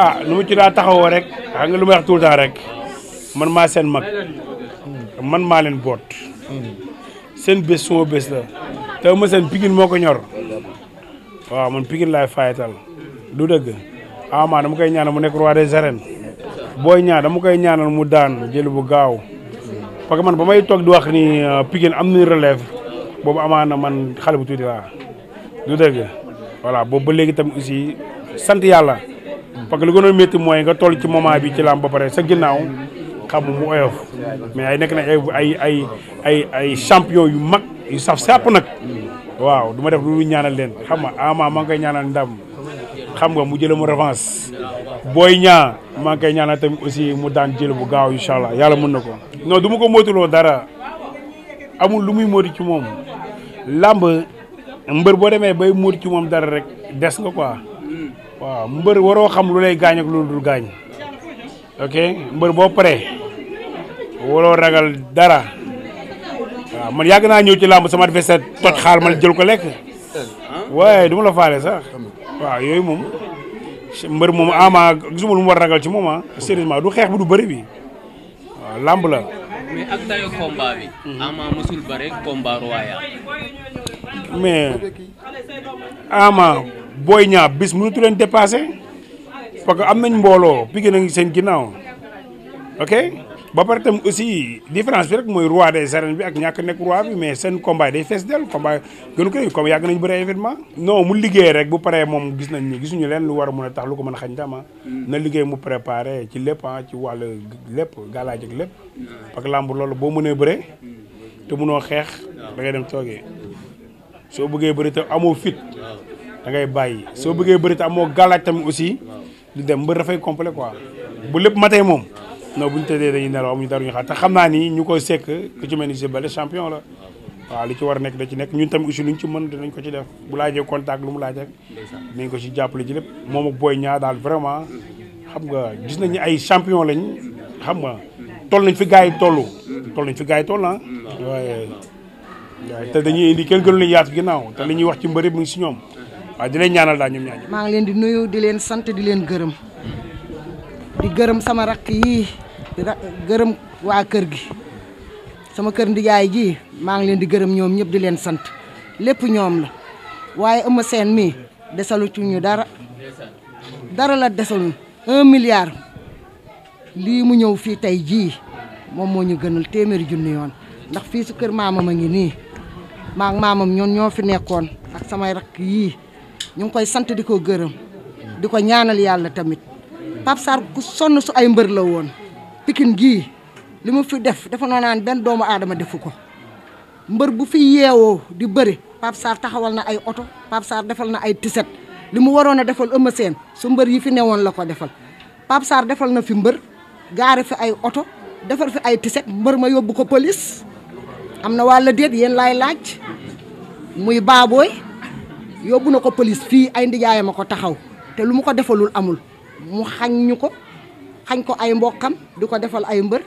ah lu mu ci daa taxawoo rek xam lu may wax tout rek man maa seen mag man maa leen boot seen bés suma bés la te ma seen Pikine moo ko ñor waaw man Pikine laay fayatal du dëgg ama ah, dama koy ñaanal mu nekk roi des booy ñaan dama koy ñaanal mu daan jël bu gaaw parce que man ba may toog di wax nii euh, Pikine am nañ relève boobu amaana man xale bu tuuti laa du dëgg voilà boobu ba léegi tamit aussi sant yàlla parce que li gënoon métti mooy nga toll ci moment bi ci làmb ba pare sa ginnaaw xam mu oyof mais ay nekk na ay ay ay ay champion yu mag yu saf sàpp nag waaw du ma def lu ñaanal leen xam nga ama maa ngi koy ñaanal ndam xam nga mu jëlee mu revanche booy ñaa maa ngi koy ñaanal tamit aussi mu daan jël bu gaaw incha allah yàlla mun na ko. non du ma ko moytuloo dara amul lu muy moytu ci moom làmb mbër boo demee bay moytu ci moom dara rek des nga quoi. waaw mbër waroo xam lu lay gaañ ak lu dul gaañ ok mbër boo pare waroo ragal dara waaw man yàgg naa ñëw ci làmb sama adversaire toj xaal man jël ko lekk waaye du ma la faale sax waaw yooyu moom mbër moom ama gisuma lu ragal ci moom ah sérieusement du xeex bu du bëri bi la mais Boy Niang bis tu leen dépassé parce que am nañ mbooloo Pikine a ngi seen ginnaaw ok ba pare tam aussi différence bi rek mooy roi des arènes bi ak ñàkk nekk roi bi mais seen combat day fees del combat gënu ko rëy comme yàgg nañu bëri événement non mu liggéey rek bu paree moom gis nañ ni gisuñu leen lu war a mën a tax lu ko mën a xañ dama na liggéey mu préparé ci lépp ah ci wàllu lépp galaaj ak lépp parce que làmb loolu boo mënee bëre te mënoo xeex da toogee soo bëggee bëri te amoo fit da ngay bàyyi soo bëggee bëri te amoo gàllaaj tamit aussi lu dem mbër dafay complet quoi bu lépp matee moom non bu ñu tëddee dañuy nelaw amuñu dara ñu xaar te xam naa ni ñu ko sekk ku ci mel la waaw li ci war a nekk da ci nekk ñun tamit aussi lu ci mën dinañ ko ci def bu laajee contact lu mu laaj rek dinañ ko ci jàppale ji lépp moom ak Boy Niang daal vraiment xam nga gis nañu ay champion lañ xam nga toll nañ fi gars yi toll toll nañ fi gars yi toll ah waaye te dañuy indi kenn gënu lañu yaatu ginnaaw te li ñuy wax ci mbëri mu ngi si ñoom waaw di leen ñaanal daal maa ngi leen di nuyu di leen sant di leen gërëm di gërëm sama rakk yii gërëm waa kër gi sama kër ndijaay ji maa ngi leen di gërëm ñoom ñëpp di leen sant lépp ñoom la waaye Eumeu Sène mii desalu ci ñu dara dara la desalu un lii mu ñëw fii tey jii moom moo ñu gënal téeméeri junni yoon ndax fii su kër maamam a ngi nii maa ak maamam ñoon ñoo fi nekkoon ak samay rakk yii ñu ngi koy sant di ko gërëm di ko ñaanal yàlla tamit Pape Sarr ku sonn su ay mbër la woon pikin gii li mu fi def dafa noo naan benn doomu aadama defu ko mbër bu fi yeewoo di bëri Pape taxawal na ay oto Pape defal na ay tiset li mu waroon a defal Eumeu Sène su mbër yi fi newoon la ko defal Pape defal na fi mbër gaare fi ay oto defal fi ay tiset mbër ma yóbbu ko police am na wàlla déet yéen laay laaj muy baabooy yóbbu na ko police fii ay ndijaayam a ko taxaw te lu mu ko defalul amul mu xañ ñu ko xañ ko ay mbokkam di ko defal ay mbër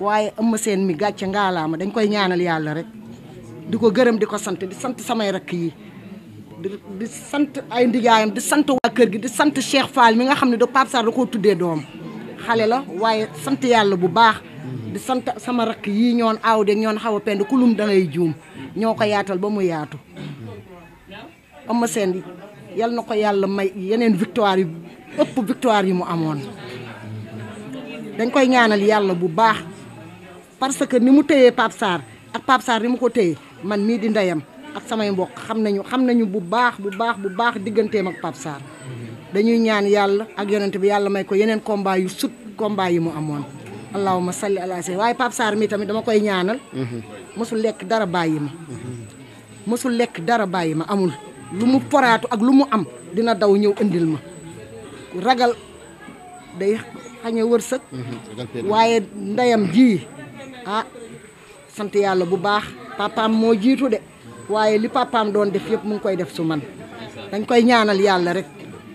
waaye Eumeu seen mi gàcce ngaalaama dañ koy ñaanal yàlla rek di ko gërëm di ko sant di sant samay rakk yi di sant ay ndijaayam di sant waa kër gi di sant Cheikh Fall mi nga xam ne da Pape Sarr da koo tuddee doom xale la waaye sant yàlla bu baax di sant sama rakk yi ñoon aaw de ñoon xaw a pend kulum da ngay juum ñoo ko yaatal ba mu yaatu Eumeu Sène yal na ko yàlla may yeneen victoire yu ëpp victoire yi mu amoon dañ koy ñaanal yàlla bu baax parce que ni mu téyee Pape Sarr ak Pape Sarr ni mu ko téye man nii di ndeyam ak samay mboq xam nañu xam nañu bu baax bu baax bu baax digganteem ak Pape Sarr dañuy ñaan yàlla ak yonent bi yàlla may ko yeneen combat yu sut combat yi mu amoon allahuma salli ala se waaye Pape Sarr mii tamit dama koy ñaanal mosul mhm. lekk dara bàyyi ma mosul mhm. lekk dara bàyyi ma amul lu mu poraatu ak lu mu am dina daw ñëw indil ma ragal day xañe wërsëg mm-hmm. waaye ndeyam ji ah sant yàlla bu baax papaam moo jiitu de waaye li papaam doon def yépp mu ngi koy def su man dañ koy ñaanal yàlla rek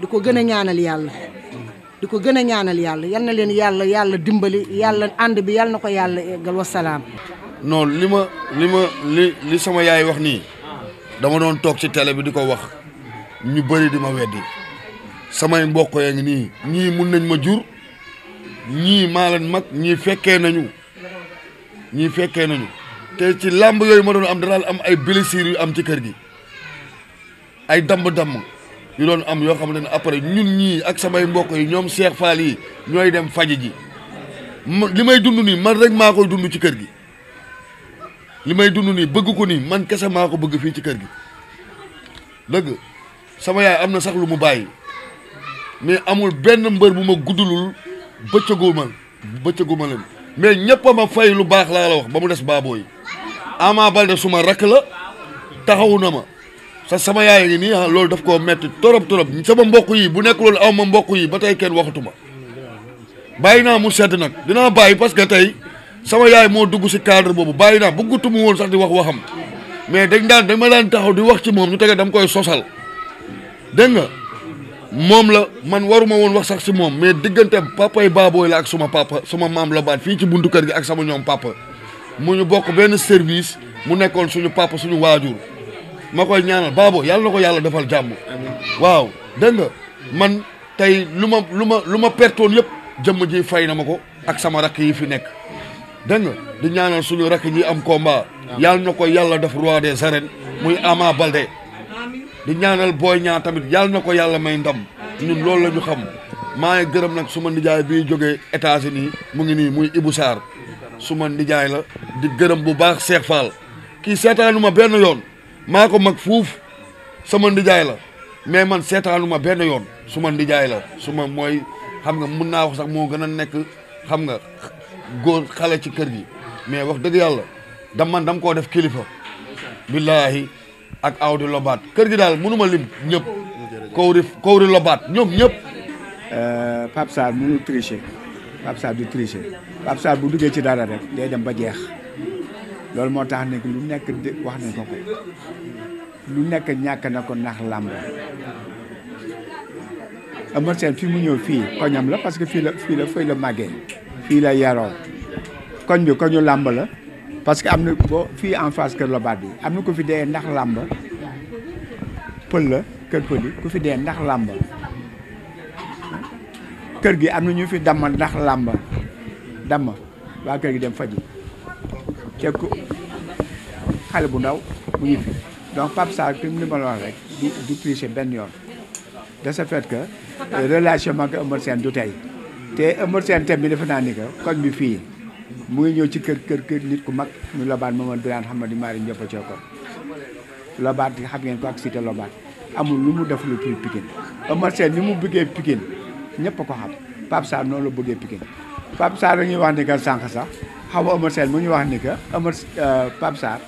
di ko gën a ñaanal yàlla di ko gën a ñaanal yàlla yal na leen yàlla yàlla dimbali yàlla ànd bi yal na ko yàlla eggal noonu non li ma li ma li li sama yaay wax nii dama doon toog ci tele bi di ko wax ñu bëri di ma weddi samay mbokk yaa ngi nii ñii mun nañ ma jur ñii maa leen mag ñii fekkee nañu ñii fekkee nañu te ci làmb yooyu ma doon am danaal am ay blessures yu am ci kër gi ay damb-damb yu doon am yoo xamante ne après ñun ñii ak samay mbokk yi ñoom Cheikh Fall yi ñooy dem faji ji li may dund nii man rek maa koy dund ci kër gi li may dund nii bëgg ko nii man kese maa ko bëgg fii ci kër gi dëgg sama yaay am na sax lu mu bàyyi mais amul benn mbër bu ma guddulul bëccëgu ma bëccëgu ma leen mais ñëpp a ma fay lu baax laa la wax ba mu des baaboo yi Ama Baldé suma rakk la taxawu na ma sa sama yaay ngi nii ah loolu daf koo metti torop torop sama mboq yi bu nekk loolu aw ma mboq yi ba tey kenn waxatuma bàyyi naa mu sedd nag dinaa bàyyi parce tey sama yaay moo dugg si cadre boobu bàyyi naa bëggatu mu woon sax di wax waxam mais dañ daan dañ ma daan taxaw di wax ci moom ñu tege dam koy sosal dégg nga moom la man waruma woon wax sax si moom mais diggante papay baabooy la ak suma papa suma maam la baat fii ci buntu kër gi ak sama ñoom papa mu ñu bokk benn service mu nekkoon suñu papa suñu waajur ma koy ñaanal baaboo yàlla na ko yàlla defal jàmm waaw dégg nga man tey lu ma lu ma lu ma pertoon yëpp jëmm ji fay na ma ko ak sama rakk yi fi nekk dégg nga di ñaanal suñu rakk ñi am combat yàlla na ko yàlla def roi des arènes muy amaa Baldé di ñaanal booy Niang tamit yàlla na ko yàlla may ndam ñun loolu la ñu xam maa ngi gërëm nag suma nijaay bi jógee États-Unis mu ngi nii muy Ibou Sarr suma nijaay la di gërëm bu baax Cheikh Fall kii seetaanuma benn yoon maa ko mag fuuf sama nijaay la mais man seetaanuma benn yoon suma nijaay la suma mooy xam nga mu naa wax moo gën a nekk xam nga góor xale ci kër gi mais wax dëgg yàlla dam man dam koo def kilifa billaahi ak awdi lobaat kër gi daal mënuma lim ñëpp kowri kowri lobaat ñoom ñëpp euh, Pape Sarr mënul tricher Pape Sarr du bu duggee ci dara rek day dem ba jeex loolu moo tax ne lu nekk wax na ko ko lu nekk ñàkk na ko ndax làmb Eumeu Sène fi mu ñëw fii koñam la parce que fii la fii la fay la màggee fii la yaroo koñ bi koñu làmb la parce que am na boo fii en face kër Lobaat bi am na ku fi dee ndax làmb pël la kër pël ku fi dee ndax làmb kër gi am na ñu fi damm ndax làmb damm waa kër gi dem faji te ku xale bu ndaw bu ñu fi donc Pape Sarr comme li ma la rek du du tricher benn yoon de ce fait que relation ma ko Eumeu seen du tey te Omar Sène thème bi defe naa ni que koñ bi fii mu ngi ñëw ci kër kër kër nit ku mag ñu Lobaat Mamadou Birane Hamady Mari Ndiopa Thiokor Lobaat xam ngeen ko ak cité Lobaat amul lu mu def lu pour Pikine Omar Sène ni mu bëggee Pikine ñëpp ko xam Pape Sarr noonu la bëggee Pikine Pape a dañuy wax ni que sànq sax xaw ma mu ñu wax ni que Omar euh, Pape Sarr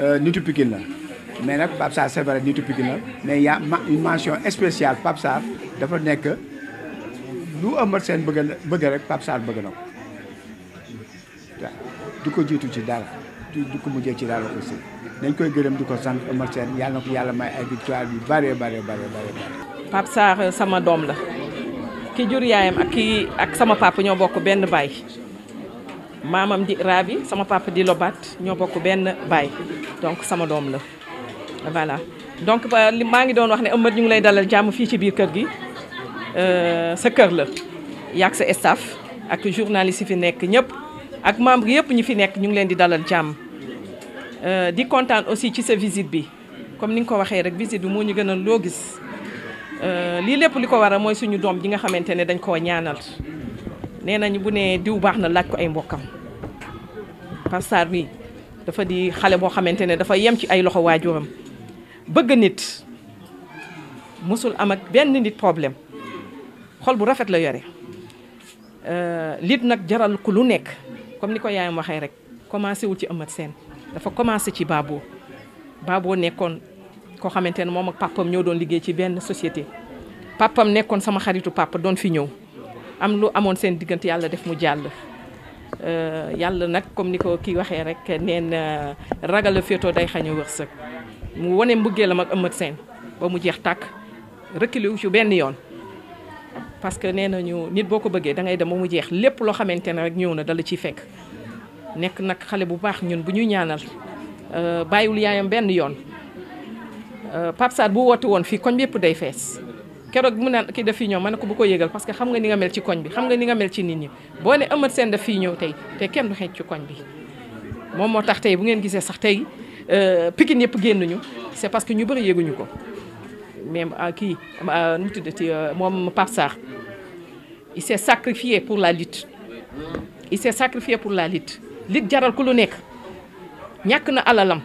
euh, nitu Pikine la mais nag Pape Sarr c'est vrai mais y a une mention spéciale Pape dafa nekk. lu Eumeu Sène bëgg a bëgg rek Pape Sarr bëgg na ko du ko jiitu ci dara du ko mujjee ci dara aussi dañ koy gërëm di ko sant Eumeu yàlla na ko yàlla may ay victoire yu bëree bëree bëree bëri. Pape euh, sama doom la ki jur yaayam ak sama pap ñoo bokk benn baay maamam di Rabi sama papa di Lobaat ñoo bokk benn baay donc sama doom la voilà donc euh, maa ngi doon wax ne Eumeu ñu lay dalal jàmm fii ci biir kër gi. Euh, sa kër la yàgg sa staff ak journaliste yi fi nekk ñëpp ak membre yëpp ñu fi nekk ñu ngi leen di dalal jàmm euh, di kontaan aussi ci sa visite bi comme ni nga ko waxee rek visite bi moo ñu gënal loo gis euh, lii lépp li ko waral mooy suñu doom ji nga xamante ne dañ koo ñaanal nee nañu bu ne diw baax na laaj ko ay mbokkam Pape Sarr bi dafa di xale boo xamante ne dafa yem ci ay loxo waajuram bëgg nit mosul am ak benn nit problème xol bu rafet la yore lit euh, nag jaral ku lu nekk comme ni ko yaayam waxee rek commencé wul ci Eumeu Sène dafa commencé ci Baaboo Baaboo nekkoon koo xamante ne moom ak papam ñoo doon liggéey ci benn société papam nekkoon sama xaritu papa doon fi ñëw am lu amoon seen diggante yàlla def mu jàll euh, yàlla nag comme ni ko kii waxee rek neen euh, ragal a féetoo day xañu wërsëg mu wane mbëggeelam mag Eumeu Sène ba mu jeex tàkk reculé wu ci benn yoon parce que nee nañu nit boo ko bëggee da ngay dem ba mu jeex lépp loo xamante ne rek ñëw na dala ciy fekk nekk nag xale bu baax ñun bu ñuy ñaanal euh, bàyyiwul yaayam benn yoon euh, Pape Sarr bu woote woon fii koñ bépp day fees keroog mu naan ki def fii ñëw ma ne ko bu ko yëgal parce que xam nga ni nga mel ci koñ bi xam nga ni nga mel ci nit ñi boo ne ëmmat seen def fii ñëw tey te kenn du xeej ci koñ bi moom moo tax tey bu ngeen gisee sax tey euh, Pikine yëpp génnuñu c'est parce que ñu bëri yëguñu ko même kii euh, euh, nu mu euh, moom Pape Sarr il s'est pour la lutte il s'est sacrifié pour la lutte lutte jaral ku lu nekk ñàkk na alalam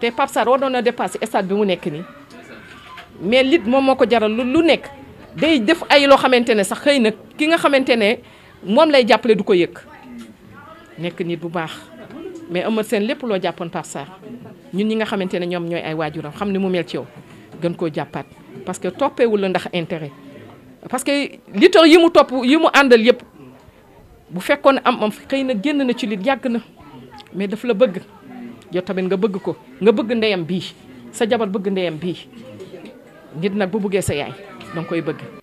te Pape Sarr waroon na dépassé stade bi mu nekk nii mais lutte moom moo ko jaral lu lu nekk day def ay loo xamante ne sax xëy nag ki nga xamante ne moom lay jàppale du ko yëg nekk nit bu baax mais Eumeu seen lépp loo jàppoon Pape ñun ñi nga xamante ne ñoom ñooy ay waajuram xam ni mu mel ci yow gën koo jàppaat parce que toppeewul la ndax intérêt parce que lutteurs yi mu topp yi mu àndal yëpp bu fekkoon am am xëy na génn na ci lit yàgg na mais daf la bëgg yow tamit nga bëgg ko nga bëgg ndeyam bii sa jabar bëgg ndeyam bii nit nag bu buggee sa yaay danga koy bëgg